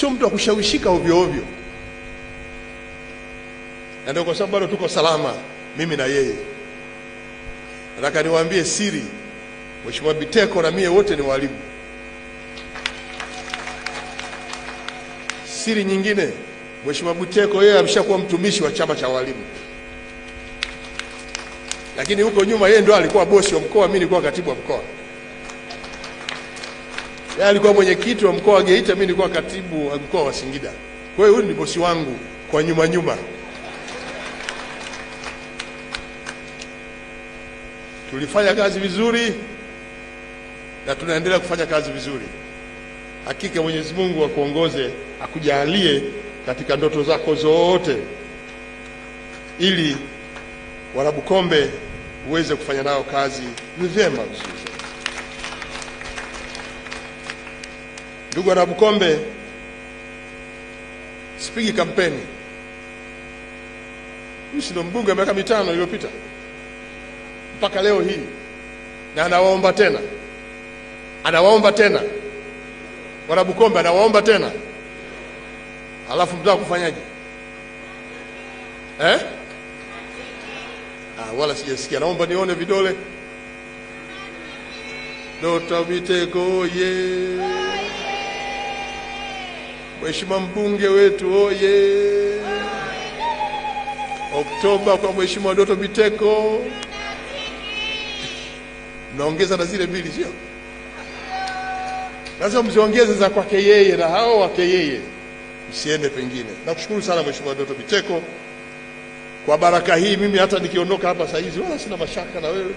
sio mtu wa kushawishika ovyo ovyo, na ndio kwa sababu bado tuko salama mimi na yeye. Nataka niwaambie siri, Mheshimiwa Biteko na mie wote ni walimu. Siri nyingine, Mheshimiwa Biteko yeye ameshakuwa mtumishi wa chama cha walimu, lakini huko nyuma yeye ndo alikuwa bosi wa mkoa, mimi nilikuwa katibu wa mkoa yeye alikuwa mwenyekiti wa mkoa wa Geita, mimi nilikuwa katibu wa mkoa wa Singida. Kwa hiyo huyu ni bosi wangu kwa nyuma nyuma. Tulifanya kazi vizuri na tunaendelea kufanya kazi vizuri. Hakika Mwenyezi Mungu akuongoze, akujalie katika ndoto zako zote, ili Warabukombe uweze kufanya nao kazi vyema vizuri. Ndugu Wanabukombe, sipigi kampeni. Mimi ndo mbunge miaka mitano iliyopita mpaka leo hii, na anawaomba tena, anawaomba tena Wanabukombe, anawaomba tena. Alafu mtaka kufanyaje eh? Ah, wala sijasikia. Naomba nione vidole. Dr. Biteko ye Mheshimiwa mbunge wetu oye! Oktoba kwa Mheshimiwa Doto Biteko, mnaongeza na zile mbili, sio lazima mziongeze za kwake yeye na hao wake yeye, msiende pengine. Nakushukuru sana Mheshimiwa Doto Biteko kwa baraka hii. Mimi hata nikiondoka hapa saa hizi wala sina mashaka na wewe,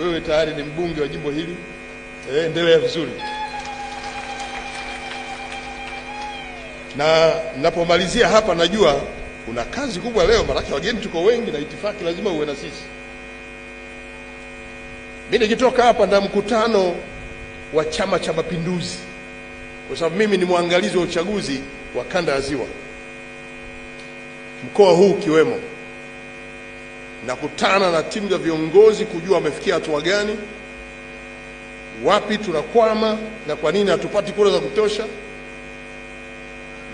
wewe tayari ni mbunge wa jimbo hili. Eh, endelea vizuri. na napomalizia hapa, najua kuna kazi kubwa leo, maanake wageni tuko wengi na itifaki lazima uwe na sisi. Mimi nikitoka hapa na mkutano wa Chama cha Mapinduzi, kwa sababu mimi ni mwangalizi wa uchaguzi wa kanda ya Ziwa, mkoa huu ukiwemo. Nakutana na timu za viongozi kujua wamefikia hatua gani, wapi tunakwama na kwa nini hatupati kura za kutosha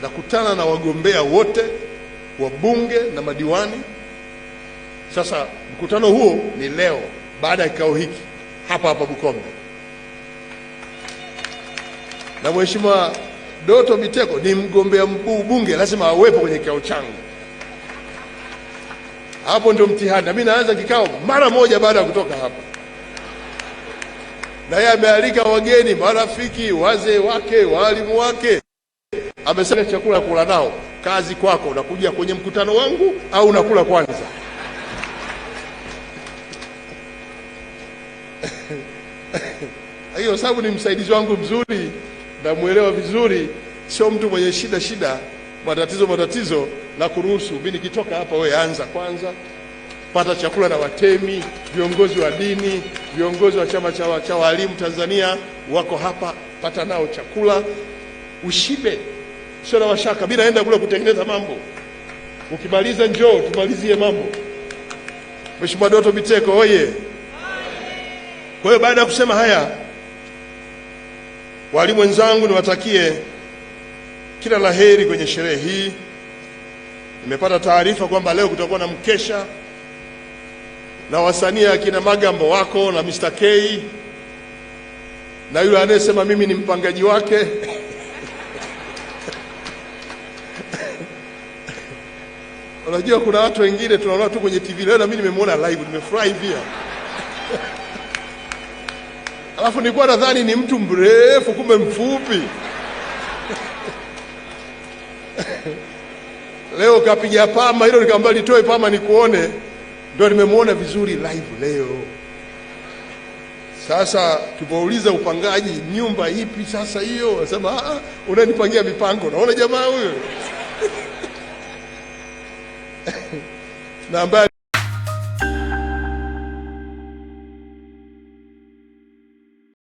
nakutana kutana na wagombea wote wa bunge na madiwani. Sasa mkutano huo ni leo baada ya kikao hiki hapa hapa Bukombe, na Mheshimiwa Doto Biteko ni mgombea mkuu bunge, lazima awepo kwenye kikao changu. Hapo ndio mtihani, na mimi naanza kikao mara moja baada ya kutoka hapa, na yeye amealika wageni, marafiki, wazee wake, walimu wake amesema chakula kula nao, kazi kwako, unakuja kwenye mkutano wangu au unakula kwanza? Hiyo sababu ni msaidizi wangu mzuri, namwelewa vizuri, sio mtu mwenye shida shida, matatizo matatizo na kuruhusu. Mimi nikitoka hapa, wewe anza kwanza, pata chakula na watemi, viongozi wa dini, viongozi wa chama cha walimu Tanzania wako hapa, pata nao chakula ushibe sio na mashaka. Mimi naenda kule kutengeneza mambo, ukimaliza njoo tumalizie mambo. Mheshimiwa Doto Biteko oye! Kwa hiyo baada ya kusema haya, walimu wenzangu, niwatakie kila la heri kwenye sherehe hii. Nimepata taarifa kwamba leo kutakuwa na mkesha na wasanii akina Magambo wako na Mr. K na yule anayesema mimi ni mpangaji wake Unajua kuna watu wengine tunaona tu kwenye TV. Leo na mimi nimemwona live, nimefurahi pia alafu nilikuwa nadhani ni mtu mrefu, kumbe mfupi leo kapiga pama hilo, nikamwambia nitoe pama nikuone, ndio nimemwona vizuri live leo. Sasa tupouliza upangaji, nyumba ipi sasa hiyo? Anasema ah, ah, unanipangia mipango. Naona jamaa huyo na back.